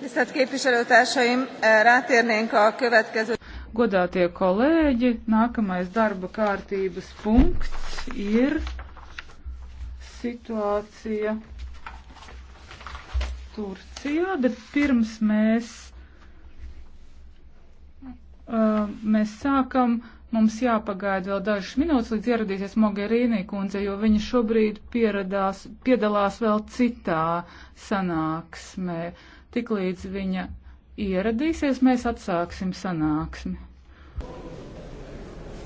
Tisztelt képviselőtársaim, eh, rátérnénk a következő. Godātie kolēģi, nākamais darba kārtības punkts ir situācija Turcijā, bet pirms mēs, uh, mēs sākam Mums jāpagaida vēl dažas minūtes, līdz ieradīsies Mogherīnī kundze, jo viņa šobrīd pieradās, piedalās vēl citā sanāksmē. Tiklīdz viņa ieradīsies, mēs atsāksim sanāksmi.